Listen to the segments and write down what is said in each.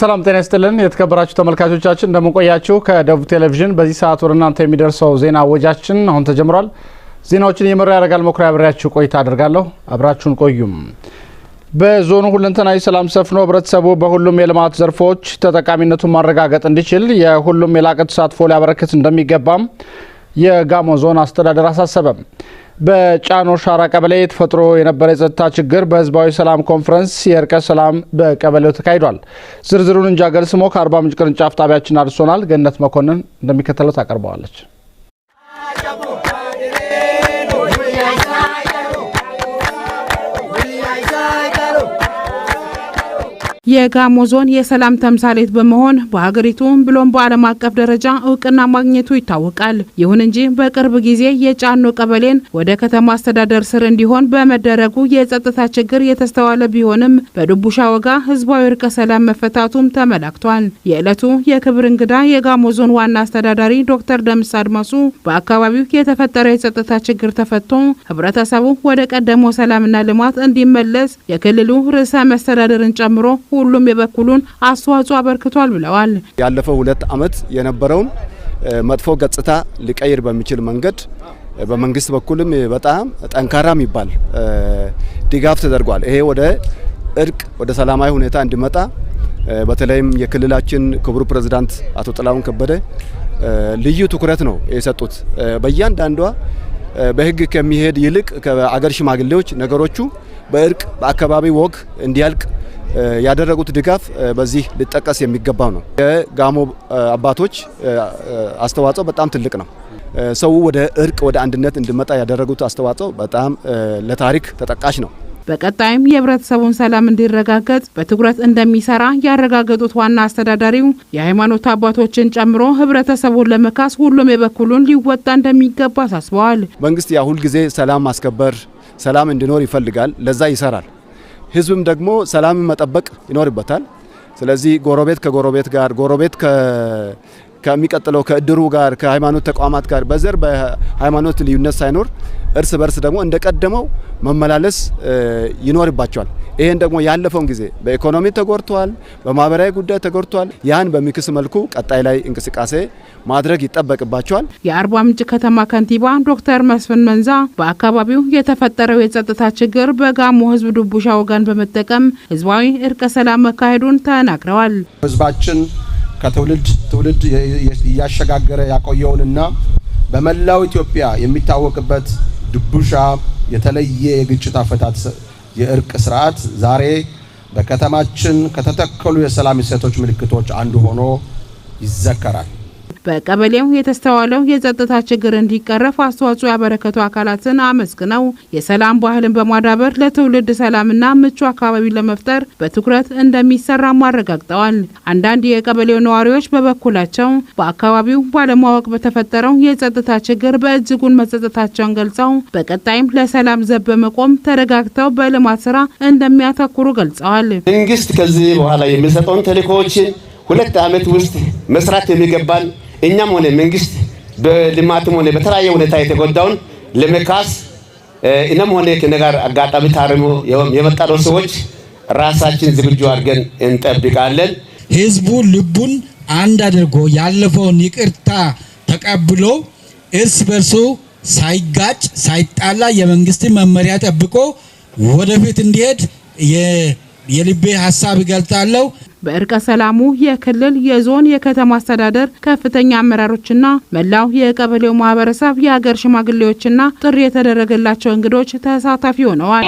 ሰላም ጤና ይስጥልን የተከበራችሁ ተመልካቾቻችን እንደምንቆያችሁ ከደቡብ ቴሌቪዥን በዚህ ሰዓት ወደ እናንተ የሚደርሰው ዜና ወጃችን አሁን ተጀምሯል። ዜናዎችን እየመራ ያደርጋል መኩሪያ አብሬያችሁ ቆይታ አድርጋለሁ። አብራችሁን ቆዩም። በዞኑ ሁለንተናዊ ሰላም ሰፍኖ ህብረተሰቡ በሁሉም የልማት ዘርፎች ተጠቃሚነቱን ማረጋገጥ እንዲችል የሁሉም የላቀ ተሳትፎ ሊያበረክት እንደሚገባም የጋሞ ዞን አስተዳደር አሳሰበም። በጫኖ ሻራ ቀበሌ ተፈጥሮ የነበረ የጸጥታ ችግር በህዝባዊ ሰላም ኮንፈረንስ የእርቀ ሰላም በቀበሌው ተካሂዷል። ዝርዝሩን እንጃገል ስሞ ከአርባ ምንጭ ቅርንጫፍ ጣቢያችን አድርሶናል። ገነት መኮንን እንደሚከተለው ታቀርበዋለች። የጋሞ ዞን የሰላም ተምሳሌት በመሆን በሀገሪቱ ብሎም በዓለም አቀፍ ደረጃ እውቅና ማግኘቱ ይታወቃል። ይሁን እንጂ በቅርብ ጊዜ የጫኖ ቀበሌን ወደ ከተማ አስተዳደር ስር እንዲሆን በመደረጉ የጸጥታ ችግር የተስተዋለ ቢሆንም በዱቡሻ ወጋ ህዝባዊ እርቀ ሰላም መፈታቱም ተመላክቷል። የዕለቱ የክብር እንግዳ የጋሞ ዞን ዋና አስተዳዳሪ ዶክተር ደምስ አድማሱ በአካባቢው የተፈጠረ የጸጥታ ችግር ተፈቶ ህብረተሰቡ ወደ ቀደመው ሰላምና ልማት እንዲመለስ የክልሉ ርዕሰ መስተዳደርን ጨምሮ ሁሉም የበኩሉን አስተዋጽኦ አበርክቷል ብለዋል። ያለፈው ሁለት ዓመት የነበረውን መጥፎ ገጽታ ሊቀይር በሚችል መንገድ በመንግስት በኩልም በጣም ጠንካራ የሚባል ድጋፍ ተደርጓል። ይሄ ወደ እርቅ ወደ ሰላማዊ ሁኔታ እንዲመጣ በተለይም የክልላችን ክቡር ፕሬዝዳንት አቶ ጥላሁን ከበደ ልዩ ትኩረት ነው የሰጡት። በእያንዳንዷ በህግ ከሚሄድ ይልቅ ከአገር ሽማግሌዎች ነገሮቹ በእርቅ በአካባቢ ወግ እንዲያልቅ ያደረጉት ድጋፍ በዚህ ሊጠቀስ የሚገባው ነው። የጋሞ አባቶች አስተዋጽኦ በጣም ትልቅ ነው። ሰው ወደ እርቅ ወደ አንድነት እንዲመጣ ያደረጉት አስተዋጽኦ በጣም ለታሪክ ተጠቃሽ ነው። በቀጣይም የህብረተሰቡን ሰላም እንዲረጋገጥ በትኩረት እንደሚሰራ ያረጋገጡት ዋና አስተዳዳሪው የሃይማኖት አባቶችን ጨምሮ ህብረተሰቡን ለመካስ ሁሉም የበኩሉን ሊወጣ እንደሚገባ አሳስበዋል። መንግስት ያ ሁልጊዜ ሰላም ማስከበር ሰላም እንዲኖር ይፈልጋል። ለዛ ይሰራል። ህዝብም ደግሞ ሰላምን መጠበቅ ይኖርበታል። ስለዚህ ጎረቤት ከጎረቤት ጋር ጎረቤት ከሚቀጥለው ከእድሩ ጋር ከሃይማኖት ተቋማት ጋር በዘር በሃይማኖት ልዩነት ሳይኖር እርስ በርስ ደግሞ እንደቀደመው መመላለስ ይኖርባቸዋል። ይህን ደግሞ ያለፈውን ጊዜ በኢኮኖሚ ተጎድተዋል፣ በማህበራዊ ጉዳይ ተጎድተዋል። ያን በሚክስ መልኩ ቀጣይ ላይ እንቅስቃሴ ማድረግ ይጠበቅባቸዋል። የአርባ ምንጭ ከተማ ከንቲባ ዶክተር መስፍን መንዛ በአካባቢው የተፈጠረው የጸጥታ ችግር በጋሞ ህዝብ ዱቡሻ ወገን በመጠቀም ህዝባዊ እርቀ ሰላም መካሄዱን ተናግረዋል። ህዝባችን ከትውልድ ትውልድ እያሸጋገረ ያቆየውንና በመላው ኢትዮጵያ የሚታወቅበት ድቡሻ የተለየ የግጭት አፈታት የእርቅ ስርዓት ዛሬ በከተማችን ከተተከሉ የሰላም እሴቶች ምልክቶች አንዱ ሆኖ ይዘከራል። በቀበሌው የተስተዋለው የጸጥታ ችግር እንዲቀረፍ አስተዋጽኦ ያበረከቱ አካላትን አመስግነው የሰላም ባህልን በማዳበር ለትውልድ ሰላምና ምቹ አካባቢ ለመፍጠር በትኩረት እንደሚሰራም አረጋግጠዋል። አንዳንድ የቀበሌው ነዋሪዎች በበኩላቸው በአካባቢው ባለማወቅ በተፈጠረው የጸጥታ ችግር በእጅጉን መጸጸታቸውን ገልጸው በቀጣይም ለሰላም ዘብ በመቆም ተረጋግተው በልማት ስራ እንደሚያተኩሩ ገልጸዋል። መንግስት ከዚህ በኋላ የሚሰጠውን ተልእኮዎችን ሁለት ዓመት ውስጥ መስራት የሚገባን እኛም ሆነ መንግስት በልማትም ሆነ በተለያየ ሁኔታ የተጎዳውን ለመካስ እነም ሆነ ከነጋር አጋጣሚ ታርሞ የመጣነው ሰዎች ራሳችን ዝግጁ አድርገን እንጠብቃለን። ህዝቡ ልቡን አንድ አድርጎ ያለፈውን ይቅርታ ተቀብሎ እርስ በርሱ ሳይጋጭ ሳይጣላ የመንግስትን መመሪያ ጠብቆ ወደፊት እንዲሄድ የልቤ ሀሳብ እገልጣለሁ። በእርቀ ሰላሙ የክልል የዞን፣ የከተማ አስተዳደር ከፍተኛ አመራሮችና መላው የቀበሌው ማህበረሰብ የሀገር ሽማግሌዎችና ጥሪ የተደረገላቸው እንግዶች ተሳታፊ ሆነዋል።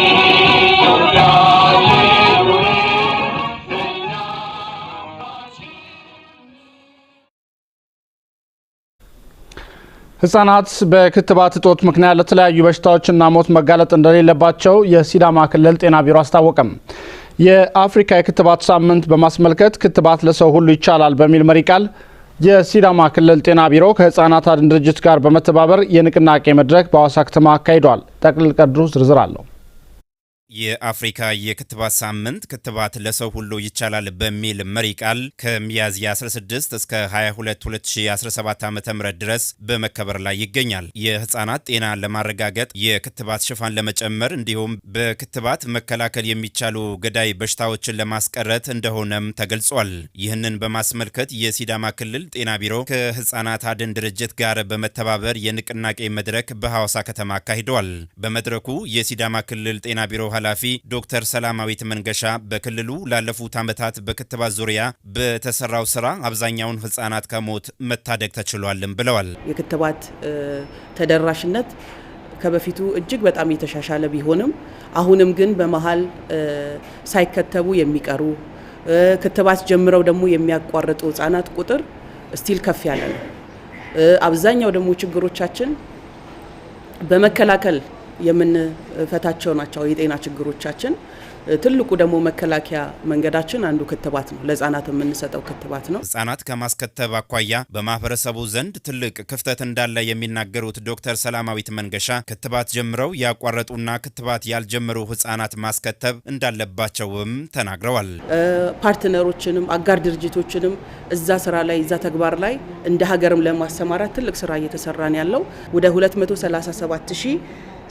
ህጻናት በክትባት እጦት ምክንያት ለተለያዩ በሽታዎችና ሞት መጋለጥ እንደሌለባቸው የሲዳማ ክልል ጤና ቢሮ አስታወቀም። የአፍሪካ የክትባት ሳምንት በማስመልከት ክትባት ለሰው ሁሉ ይቻላል በሚል መሪ ቃል የሲዳማ ክልል ጤና ቢሮ ከህጻናት አድን ድርጅት ጋር በመተባበር የንቅናቄ መድረክ በአዋሳ ከተማ አካሂዷል። ጠቅልል ቀድሩ ዝርዝር አለው። የአፍሪካ የክትባት ሳምንት ክትባት ለሰው ሁሉ ይቻላል በሚል መሪ ቃል ከሚያዝያ 16 እስከ 22 2017 ዓ ም ድረስ በመከበር ላይ ይገኛል። የህፃናት ጤና ለማረጋገጥ የክትባት ሽፋን ለመጨመር እንዲሁም በክትባት መከላከል የሚቻሉ ገዳይ በሽታዎችን ለማስቀረት እንደሆነም ተገልጿል። ይህንን በማስመልከት የሲዳማ ክልል ጤና ቢሮ ከህፃናት አድን ድርጅት ጋር በመተባበር የንቅናቄ መድረክ በሐዋሳ ከተማ አካሂደዋል። በመድረኩ የሲዳማ ክልል ጤና ቢሮ ኃላፊ ዶክተር ሰላማዊት መንገሻ በክልሉ ላለፉት ዓመታት በክትባት ዙሪያ በተሰራው ስራ አብዛኛውን ህጻናት ከሞት መታደግ ተችሏልም ብለዋል። የክትባት ተደራሽነት ከበፊቱ እጅግ በጣም የተሻሻለ ቢሆንም አሁንም ግን በመሀል ሳይከተቡ የሚቀሩ ክትባት ጀምረው ደግሞ የሚያቋርጡ ህጻናት ቁጥር ስቲል ከፍ ያለ ነው። አብዛኛው ደግሞ ችግሮቻችን በመከላከል የምንፈታቸው ናቸው የጤና ችግሮቻችን። ትልቁ ደግሞ መከላከያ መንገዳችን አንዱ ክትባት ነው። ለህጻናት የምንሰጠው ክትባት ነው። ህጻናት ከማስከተብ አኳያ በማህበረሰቡ ዘንድ ትልቅ ክፍተት እንዳለ የሚናገሩት ዶክተር ሰላማዊት መንገሻ ክትባት ጀምረው ያቋረጡና ክትባት ያልጀመሩ ህጻናት ማስከተብ እንዳለባቸውም ተናግረዋል። ፓርትነሮችንም አጋር ድርጅቶችንም እዛ ስራ ላይ እዛ ተግባር ላይ እንደ ሀገርም ለማሰማራት ትልቅ ስራ እየተሰራን ያለው ወደ 237 ሺህ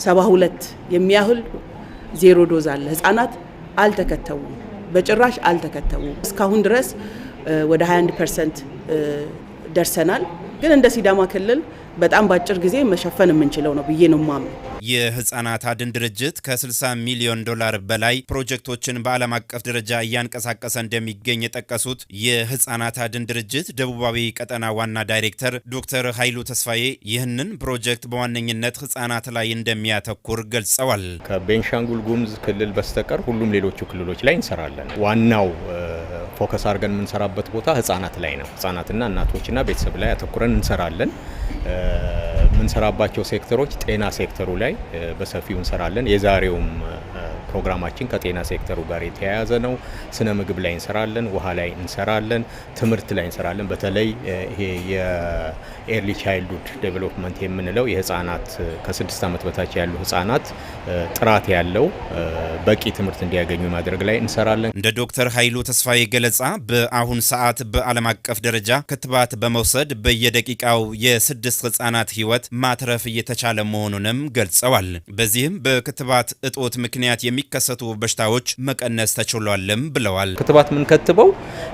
72 የሚያህል ዜሮ ዶዝ አለ። ህጻናት አልተከተቡም፣ በጭራሽ አልተከተቡም። እስካሁን ድረስ ወደ 21 ፐርሰንት ደርሰናል። ግን እንደ ሲዳማ ክልል በጣም በአጭር ጊዜ መሸፈን የምንችለው ነው ብዬ ነው ማምን። የህጻናት አድን ድርጅት ከ60 ሚሊዮን ዶላር በላይ ፕሮጀክቶችን በዓለም አቀፍ ደረጃ እያንቀሳቀሰ እንደሚገኝ የጠቀሱት የህጻናት አድን ድርጅት ደቡባዊ ቀጠና ዋና ዳይሬክተር ዶክተር ኃይሉ ተስፋዬ ይህንን ፕሮጀክት በዋነኝነት ህጻናት ላይ እንደሚያተኩር ገልጸዋል። ከቤንሻንጉል ጉሙዝ ክልል በስተቀር ሁሉም ሌሎቹ ክልሎች ላይ እንሰራለን ዋናው ፎከስ አድርገን የምንሰራበት ቦታ ህጻናት ላይ ነው። ህጻናትና እናቶችና ቤተሰብ ላይ አተኩረን እንሰራለን። የምንሰራባቸው ሴክተሮች ጤና ሴክተሩ ላይ በሰፊው እንሰራለን። የዛሬውም ፕሮግራማችን ከጤና ሴክተሩ ጋር የተያያዘ ነው። ስነ ምግብ ላይ እንሰራለን፣ ውሃ ላይ እንሰራለን፣ ትምህርት ላይ እንሰራለን። በተለይ ይሄ የኤርሊ ቻይልድሁድ ዴቨሎፕመንት የምንለው የህጻናት ከስድስት ዓመት በታች ያሉ ህጻናት ጥራት ያለው በቂ ትምህርት እንዲያገኙ ማድረግ ላይ እንሰራለን። እንደ ዶክተር ኃይሉ ተስፋዬ ገለጻ በአሁን ሰዓት በዓለም አቀፍ ደረጃ ክትባት በመውሰድ በየደቂቃው የስድስት ህጻናት ህይወት ማትረፍ እየተቻለ መሆኑንም ገልጸዋል። በዚህም በክትባት እጦት ምክንያት የሚ የሚከሰቱ በሽታዎች መቀነስ ተችሏልም ብለዋል። ክትባት የምንከትበው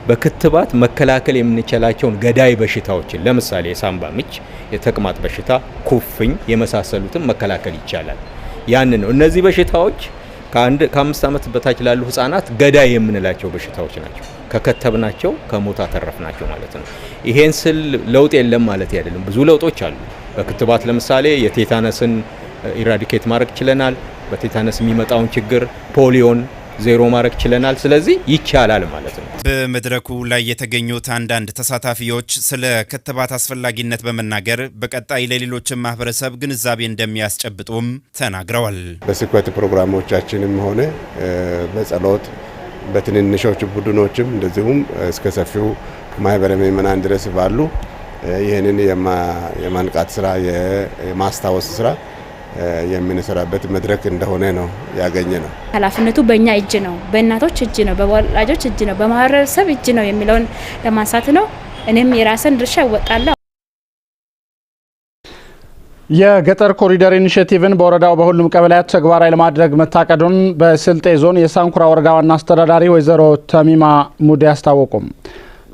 በክትባት መከላከል የምንችላቸውን ገዳይ በሽታዎችን ለምሳሌ የሳምባ ምች፣ የተቅማጥ በሽታ፣ ኩፍኝ የመሳሰሉትን መከላከል ይቻላል። ያን ነው እነዚህ በሽታዎች ከአንድ ከአምስት ዓመት በታች ላሉ ህጻናት ገዳይ የምንላቸው በሽታዎች ናቸው። ከከተብናቸው ከሞት አተረፍናቸው ማለት ነው። ይሄን ስል ለውጥ የለም ማለት አይደለም። ብዙ ለውጦች አሉ። በክትባት ለምሳሌ የቴታነስን ኢራዲኬት ማድረግ ችለናል። በቴታነስ የሚመጣውን ችግር ፖሊዮን ዜሮ ማድረግ ችለናል። ስለዚህ ይቻላል ማለት ነው። በመድረኩ ላይ የተገኙት አንዳንድ ተሳታፊዎች ስለ ክትባት አስፈላጊነት በመናገር በቀጣይ ለሌሎችን ማህበረሰብ ግንዛቤ እንደሚያስጨብጡም ተናግረዋል። በስኩዌት ፕሮግራሞቻችንም ሆነ በጸሎት በትንንሾች ቡድኖችም እንደዚሁም እስከ ሰፊው ማህበረ ምእመናን ድረስ ባሉ ይህንን የማንቃት ስራ የማስታወስ ስራ የምንሰራበት መድረክ እንደሆነ ነው ያገኘ ነው። ኃላፊነቱ በእኛ እጅ ነው፣ በእናቶች እጅ ነው፣ በወላጆች እጅ ነው፣ በማህበረሰብ እጅ ነው የሚለውን ለማንሳት ነው። እኔም የራስን ድርሻ እወጣለሁ። የገጠር ኮሪደር ኢኒሽቲቭን በወረዳው በሁሉም ቀበሌያት ተግባራዊ ለማድረግ መታቀዱን በስልጤ ዞን የሳንኩራ ወረዳ ዋና አስተዳዳሪ ወይዘሮ ተሚማ ሙዴ አስታወቁም።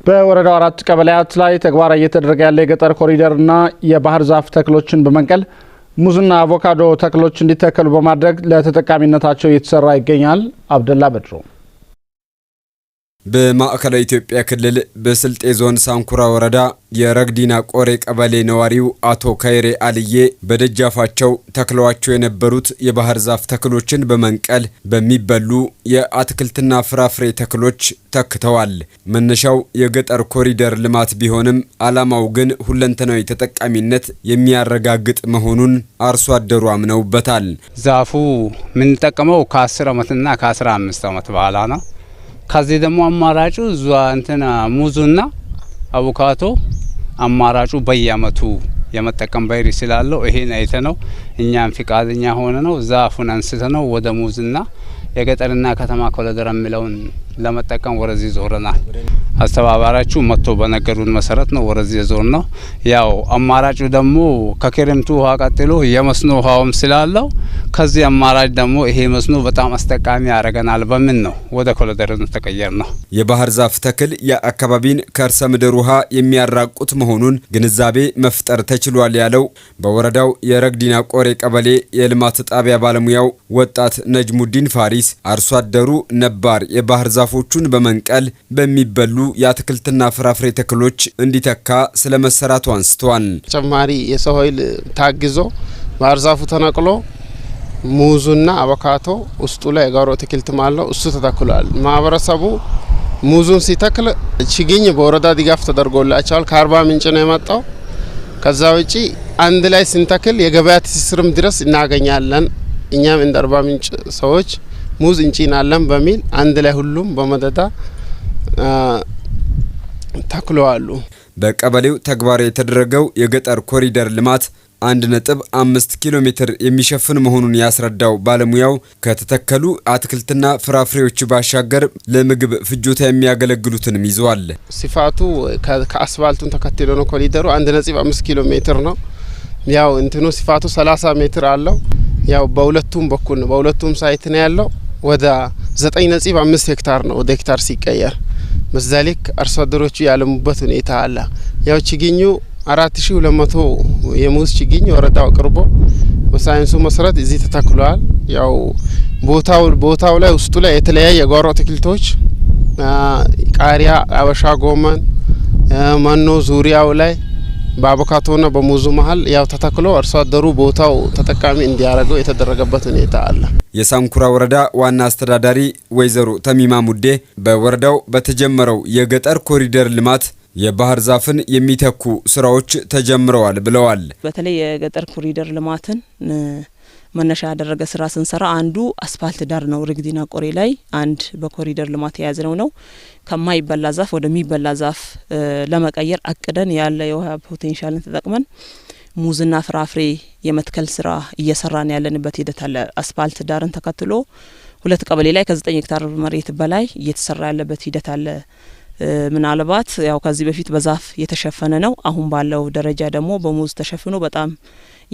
በወረዳው አራት ቀበሌያት ላይ ተግባራዊ እየተደረገ ያለ የገጠር ኮሪደርና የባህር ዛፍ ተክሎችን በመንቀል ሙዝና አቮካዶ ተክሎች እንዲተከሉ በማድረግ ለተጠቃሚነታቸው እየተሰራ ይገኛል። አብደላ በድሮ በማዕከላዊ ኢትዮጵያ ክልል በስልጤ ዞን ሳንኩራ ወረዳ የረግዲና ቆሬ ቀበሌ ነዋሪው አቶ ካይሬ አልዬ በደጃፋቸው ተክለዋቸው የነበሩት የባህር ዛፍ ተክሎችን በመንቀል በሚበሉ የአትክልትና ፍራፍሬ ተክሎች ተክተዋል። መነሻው የገጠር ኮሪደር ልማት ቢሆንም ዓላማው ግን ሁለንተናዊ ተጠቃሚነት የሚያረጋግጥ መሆኑን አርሶ አደሩ አምነውበታል። ዛፉ የምንጠቀመው ከ10 ዓመትና ከ15 ዓመት በኋላ ነው። ከዚህ ደግሞ አማራጩ እዛ እንትና ሙዙና አቮካቶ አማራጩ በየአመቱ የመጠቀም ባይሪ ስላለው ይሄን አይተ ነው እኛም ፍቃደኛ ሆነ ነው ዛፉን አንስተ ነው ወደ ሙዝና የገጠርና ከተማ ኮሪደር የሚለውን ለመጠቀም ወደዚህ ዞረናል። አስተባባሪያችሁ መጥቶ በነገሩን መሰረት ነው ወረዚ የዞር ነው። ያው አማራጩ ደግሞ ከክረምቱ ውሃ ቀጥሎ የመስኖ ውሃውም ስላለው ከዚህ አማራጭ ደግሞ ይሄ መስኖ በጣም አስጠቃሚ ያደረገናል በሚል ነው ወደ ኮለደርን ተቀየር ነው። የባህር ዛፍ ተክል የአካባቢን ከርሰ ምድር ውሃ የሚያራቁት መሆኑን ግንዛቤ መፍጠር ተችሏል ያለው በወረዳው የረግዲና ቆሬ ቀበሌ የልማት ጣቢያ ባለሙያው ወጣት ነጅሙዲን ፋሪስ አርሶ አደሩ ነባር የባህር ዛፎቹን በመንቀል በሚበሉ የአትክልትና ፍራፍሬ ተክሎች እንዲተካ ስለ መሰራቱ አንስተዋል። ተጨማሪ የሰው ኃይል ታግዞ ባርዛፉ ተነቅሎ ሙዙና አቮካቶ ውስጡ ላይ የጋሮ አትክልትም አለው እሱ ተተክሏል። ማህበረሰቡ ሙዙን ሲተክል ችግኝ በወረዳ ድጋፍ ተደርጎላቸዋል። ከአርባ ምንጭ ነው የመጣው። ከዛ ውጪ አንድ ላይ ስንተክል የገበያ ትስስርም ድረስ እናገኛለን። እኛም እንደ አርባ ምንጭ ሰዎች ሙዝ እንጭናለን በሚል አንድ ላይ ሁሉም በመደዳ ተክለዋሉ። በቀበሌው ተግባራዊ የተደረገው የገጠር ኮሪደር ልማት አንድ ነጥብ አምስት ኪሎ ሜትር የሚሸፍን መሆኑን ያስረዳው ባለሙያው ከተተከሉ አትክልትና ፍራፍሬዎች ባሻገር ለምግብ ፍጆታ የሚያገለግሉትንም ይዘዋል። ስፋቱ ከአስፋልቱን ተከትሎ ነው። ኮሪደሩ አንድ ነጥብ አምስት ኪሎ ሜትር ነው። ያው እንትኑ ስፋቱ ሰላሳ ሜትር አለው። ያው በሁለቱም በኩል ነው፣ በሁለቱም ሳይት ነው ያለው። ወደ ዘጠኝ ነጥብ አምስት ሄክታር ነው ወደ ሄክታር ሲቀየር በዛሌክ አርሶ አደሮቹ ያለሙበት ሁኔታ አለ። ያው ችግኙ አራት ሺ ሁለት መቶ የሙዝ ችግኝ ወረዳው ቅርቦ በሳይንሱ መሰረት እዚህ ተተክሏል። ያው ቦታው ቦታው ላይ ውስጡ ላይ የተለያየ የጓሮ አትክልቶች ቃሪያ፣ አበሻ ጎመን፣ መኖ ዙሪያው ላይ በአቮካቶና በሙዙ መሀል ያው ተተክሎ አርሶ አደሩ ቦታው ተጠቃሚ እንዲያደርገው የተደረገበት ሁኔታ አለ። የሳንኩራ ወረዳ ዋና አስተዳዳሪ ወይዘሮ ተሚማ ሙዴ በወረዳው በተጀመረው የገጠር ኮሪደር ልማት የባህር ዛፍን የሚተኩ ስራዎች ተጀምረዋል ብለዋል። በተለይ የገጠር ኮሪደር ልማትን መነሻ ያደረገ ስራ ስንሰራ አንዱ አስፋልት ዳር ነው። ርግዲና ቆሬ ላይ አንድ በኮሪደር ልማት የያዝነው ነው። ከማይበላ ዛፍ ወደሚበላ ዛፍ ለመቀየር አቅደን ያለ የውሃ ፖቴንሻልን ተጠቅመን ሙዝና ፍራፍሬ የመትከል ስራ እየሰራን ያለንበት ሂደት አለ። አስፋልት ዳርን ተከትሎ ሁለት ቀበሌ ላይ ከዘጠኝ ሄክታር መሬት በላይ እየተሰራ ያለበት ሂደት አለ። ምናልባት ያው ከዚህ በፊት በዛፍ የተሸፈነ ነው። አሁን ባለው ደረጃ ደግሞ በሙዝ ተሸፍኖ በጣም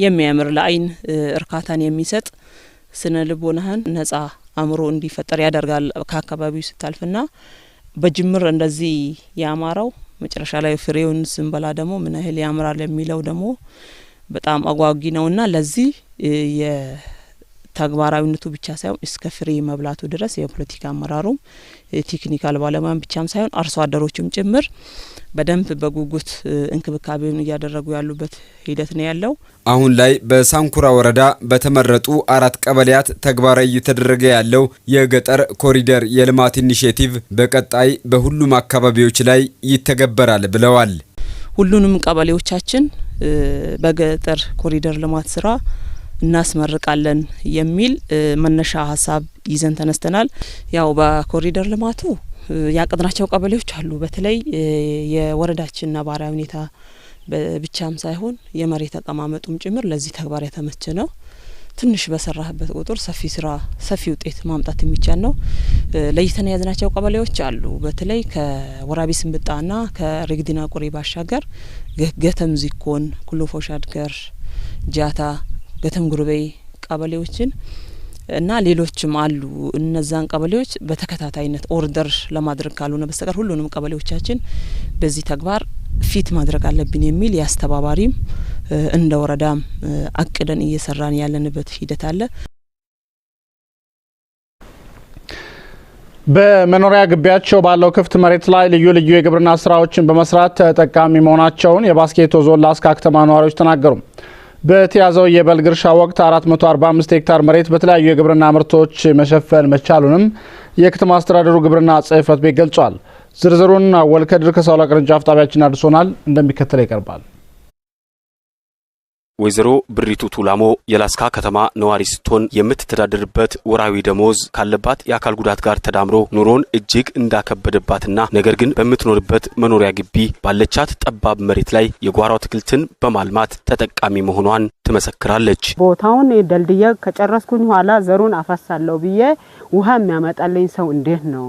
የሚያምር ለአይን እርካታን የሚሰጥ ስነ ልቦናህን ነጻ አእምሮ እንዲፈጠር ያደርጋል። ከአካባቢው ስታልፍና በጅምር እንደዚህ ያማረው መጨረሻ ላይ ፍሬውን ስንበላ ደግሞ ምን ያህል ያምራል የሚለው ደግሞ በጣም አጓጊ ነውና ለዚህ ተግባራዊነቱ ብቻ ሳይሆን እስከ ፍሬ መብላቱ ድረስ የፖለቲካ አመራሩም ቴክኒካል ባለሙያም ብቻም ሳይሆን አርሶ አደሮችም ጭምር በደንብ በጉጉት እንክብካቤውን እያደረጉ ያሉበት ሂደት ነው ያለው። አሁን ላይ በሳንኩራ ወረዳ በተመረጡ አራት ቀበሌያት ተግባራዊ እየተደረገ ያለው የገጠር ኮሪደር የልማት ኢኒሽቲቭ በቀጣይ በሁሉም አካባቢዎች ላይ ይተገበራል ብለዋል። ሁሉንም ቀበሌዎቻችን በገጠር ኮሪደር ልማት ስራ እናስመርቃለን የሚል መነሻ ሀሳብ ይዘን ተነስተናል። ያው በኮሪደር ልማቱ ያቀድናቸው ቀበሌዎች አሉ። በተለይ የወረዳችን ነባራዊ ሁኔታ ብቻም ሳይሆን የመሬት አቀማመጡም ጭምር ለዚህ ተግባር የተመቸ ነው። ትንሽ በሰራህበት ቁጥር ሰፊ ስራ ሰፊ ውጤት ማምጣት የሚቻል ነው። ለይተን የያዝናቸው ቀበሌዎች አሉ። በተለይ ከወራቢ ስንብጣና ከሬግዲና ቁሪ ባሻገር ገተም ዚኮን፣ ኩሎፎሻድገር፣ ጃታ ገተም ጉርበይ ቀበሌዎችን እና ሌሎችም አሉ። እነዛን ቀበሌዎች በተከታታይነት ኦርደር ለማድረግ ካልሆነ በስተቀር ሁሉንም ቀበሌዎቻችን በዚህ ተግባር ፊት ማድረግ አለብን የሚል የአስተባባሪም እንደ ወረዳም አቅደን እየሰራን ያለንበት ሂደት አለ። በመኖሪያ ግቢያቸው ባለው ክፍት መሬት ላይ ልዩ ልዩ የግብርና ስራዎችን በመስራት ተጠቃሚ መሆናቸውን የባስኬቶ ዞን ላስካ ከተማ ነዋሪዎች ተናገሩ። በተያዘው የበልግ እርሻ ወቅት 445 ሄክታር መሬት በተለያዩ የግብርና ምርቶች መሸፈን መቻሉንም የከተማ አስተዳደሩ ግብርና ጽሕፈት ቤት ገልጿል። ዝርዝሩን አወልከድር ከሳውላ ቅርንጫፍ ጣቢያችን አድርሶናል፣ እንደሚከተለው ይቀርባል። ወይዘሮ ብሪቱ ቱላሞ የላስካ ከተማ ነዋሪ ስትሆን የምትተዳደርበት ወራዊ ደሞዝ ካለባት የአካል ጉዳት ጋር ተዳምሮ ኑሮን እጅግ እንዳከበደባትና ነገር ግን በምትኖርበት መኖሪያ ግቢ ባለቻት ጠባብ መሬት ላይ የጓሮ አትክልትን በማልማት ተጠቃሚ መሆኗን ትመሰክራለች። ቦታውን ደልድየ ከጨረስኩኝ ኋላ ዘሩን አፈሳለሁ ብዬ ውሃ የሚያመጣልኝ ሰው እንዴት ነው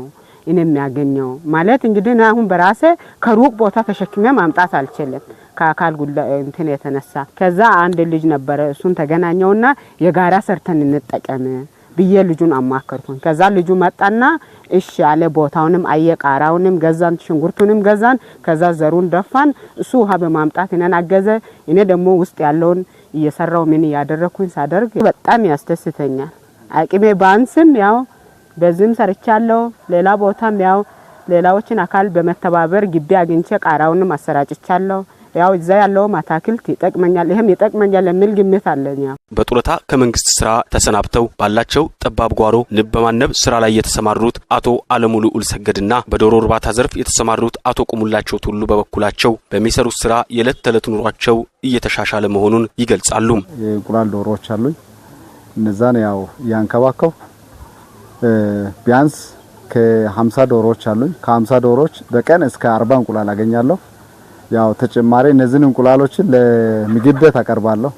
እኔ የሚያገኘው? ማለት እንግዲህ አሁን በራሴ ከሩቅ ቦታ ተሸክሜ ማምጣት አልችልም። ከአካል ጉላ እንትን የተነሳ ከዛ አንድ ልጅ ነበረ። እሱን ተገናኘውና የጋራ ሰርተን እንጠቀም ብዬ ልጁን አማከርኩኝ። ከዛ ልጁ መጣና እሺ አለ። ቦታውንም አየ፣ ቃራውንም ገዛን፣ ሽንኩርቱንም ገዛን። ከዛ ዘሩን ደፋን። እሱ ውሃ በማምጣት እኔን አገዘ። እኔ ደግሞ ውስጥ ያለውን እየሰራው ምን እያደረግኩኝ ሳደርግ በጣም ያስደስተኛል። አቅሜ ባንስም ያው በዚህም ሰርቻለሁ። ሌላ ቦታም ያው ሌላዎችን አካል በመተባበር ግቢ አግኝቼ ቃራውንም አሰራጭቻለሁ። ያው እዛ ያለውም አታክልት ይጠቅመኛል፣ ይህም ይጠቅመኛል የሚል ግምት አለኝ። በጡረታ ከመንግስት ስራ ተሰናብተው ባላቸው ጠባብ ጓሮ ንብ በማነብ ስራ ላይ የተሰማሩት አቶ አለሙሉ ኡልሰገድና በዶሮ እርባታ ዘርፍ የተሰማሩት አቶ ቁሙላቸው ቱሉ በበኩላቸው በሚሰሩት ስራ የዕለት ተዕለት ኑሯቸው እየተሻሻለ መሆኑን ይገልጻሉ። የእንቁላል ዶሮዎች አሉኝ። እነዛን ያው እያንከባከው ቢያንስ ከ50 ዶሮዎች አሉኝ። ከ50 ዶሮዎች በቀን እስከ 40 እንቁላል አገኛለሁ። ያው ተጨማሪ እነዚህን እንቁላሎችን ቤት አቀርባለሁ።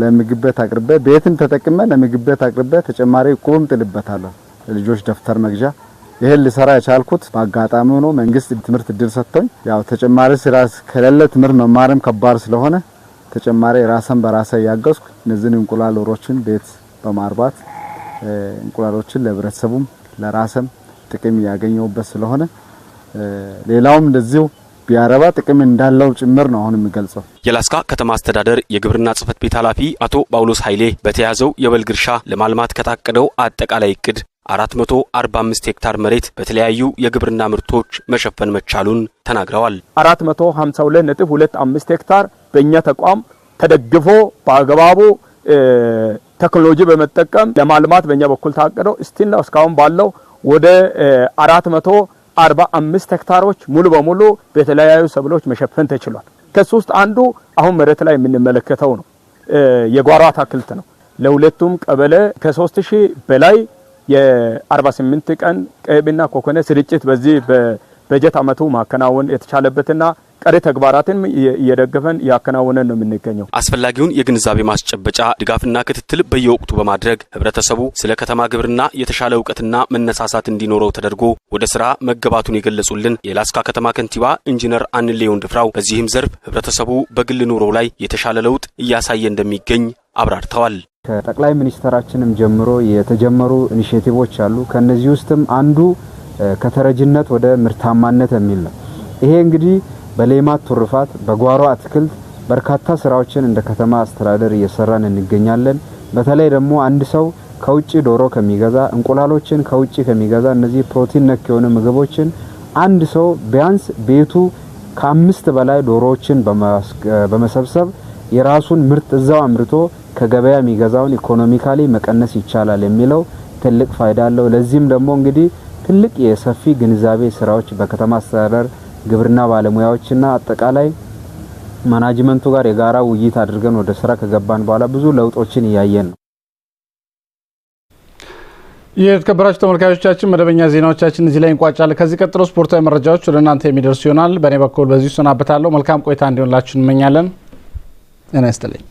ለምግብበት አቅርቤ ቤትን ተጠቅመ ለምግብት አቅርቤ ተጨማሪ ቁብም ጥልበታለሁ። ልጆች ደብተር መግዣ ይሄን ልሰራ የቻልኩት በአጋጣሚ ሆኖ መንግስት ትምህርት እድል ሰጥቶኝ፣ ያው ተጨማሪ ስራ ከሌለ ትምህርት መማርም ከባድ ስለሆነ ተጨማሪ ራሰን በራሰ እያገዝኩ እነዚህን እንቁላል ዶሮችን ቤት በማርባት እንቁላሎችን ለህብረተሰቡም ለራሰም ጥቅም እያገኘውበት ስለሆነ ሌላውም እንደዚሁ ቢያረባ ጥቅም እንዳለው ጭምር ነው አሁን የሚገልጸው። የላስካ ከተማ አስተዳደር የግብርና ጽህፈት ቤት ኃላፊ አቶ ጳውሎስ ኃይሌ በተያዘው የበልግ እርሻ ለማልማት ከታቀደው አጠቃላይ እቅድ 445 ሄክታር መሬት በተለያዩ የግብርና ምርቶች መሸፈን መቻሉን ተናግረዋል። 452.25 ሄክታር በእኛ ተቋም ተደግፎ በአግባቡ ቴክኖሎጂ በመጠቀም ለማልማት በእኛ በኩል ታቀደው እስቲና እስካሁን ባለው ወደ 400 45 ሄክታሮች ሙሉ በሙሉ በተለያዩ ሰብሎች መሸፈን ተችሏል። ውስጥ አንዱ አሁን መሬት ላይ የምንመለከተው ነው። የጓሮ አታክልት ነው። ለሁለቱም ቀበሌ ከ3000 በላይ የ48 ቀን ቀይብና ኮኮነ ስርጭት በዚህ በጀት ዓመቱ ማከናወን የተቻለበትና ቀሪ ተግባራትን እየደገፈን እያከናወነን ነው የምንገኘው። አስፈላጊውን የግንዛቤ ማስጨበጫ ድጋፍና ክትትል በየወቅቱ በማድረግ ህብረተሰቡ ስለ ከተማ ግብርና የተሻለ እውቀትና መነሳሳት እንዲኖረው ተደርጎ ወደ ስራ መገባቱን የገለጹልን የላስካ ከተማ ከንቲባ ኢንጂነር አንሌው ድፍራው በዚህም ዘርፍ ህብረተሰቡ በግል ኑሮ ላይ የተሻለ ለውጥ እያሳየ እንደሚገኝ አብራርተዋል። ከጠቅላይ ሚኒስተራችንም ጀምሮ የተጀመሩ ኢኒሽቲቮች አሉ። ከነዚህ ውስጥም አንዱ ከተረጅነት ወደ ምርታማነት የሚል ነው። ይሄ እንግዲህ በሌማት ትሩፋት፣ በጓሮ አትክልት በርካታ ስራዎችን እንደ ከተማ አስተዳደር እየሰራን እንገኛለን። በተለይ ደግሞ አንድ ሰው ከውጭ ዶሮ ከሚገዛ እንቁላሎችን ከውጭ ከሚገዛ እነዚህ ፕሮቲን ነክ የሆኑ ምግቦችን አንድ ሰው ቢያንስ ቤቱ ከአምስት በላይ ዶሮዎችን በመሰብሰብ የራሱን ምርት እዛው አምርቶ ከገበያ የሚገዛውን ኢኮኖሚካሊ መቀነስ ይቻላል የሚለው ትልቅ ፋይዳ አለው። ለዚህም ደግሞ እንግዲህ ትልቅ የሰፊ ግንዛቤ ስራዎች በከተማ አስተዳደር ግብርና ባለሙያዎችና አጠቃላይ ማናጅመንቱ ጋር የጋራ ውይይት አድርገን ወደ ስራ ከገባን በኋላ ብዙ ለውጦችን እያየን ነው። የተከበራችሁ ተመልካቾቻችን መደበኛ ዜናዎቻችን እዚህ ላይ እንቋጫለን። ከዚህ ቀጥሎ ስፖርታዊ መረጃዎች ወደ እናንተ የሚደርሱ ይሆናል። በእኔ በኩል በዚሁ እሰናበታለሁ። መልካም ቆይታ እንዲሆንላችሁ እንመኛለን። ጤና ይስጥልኝ።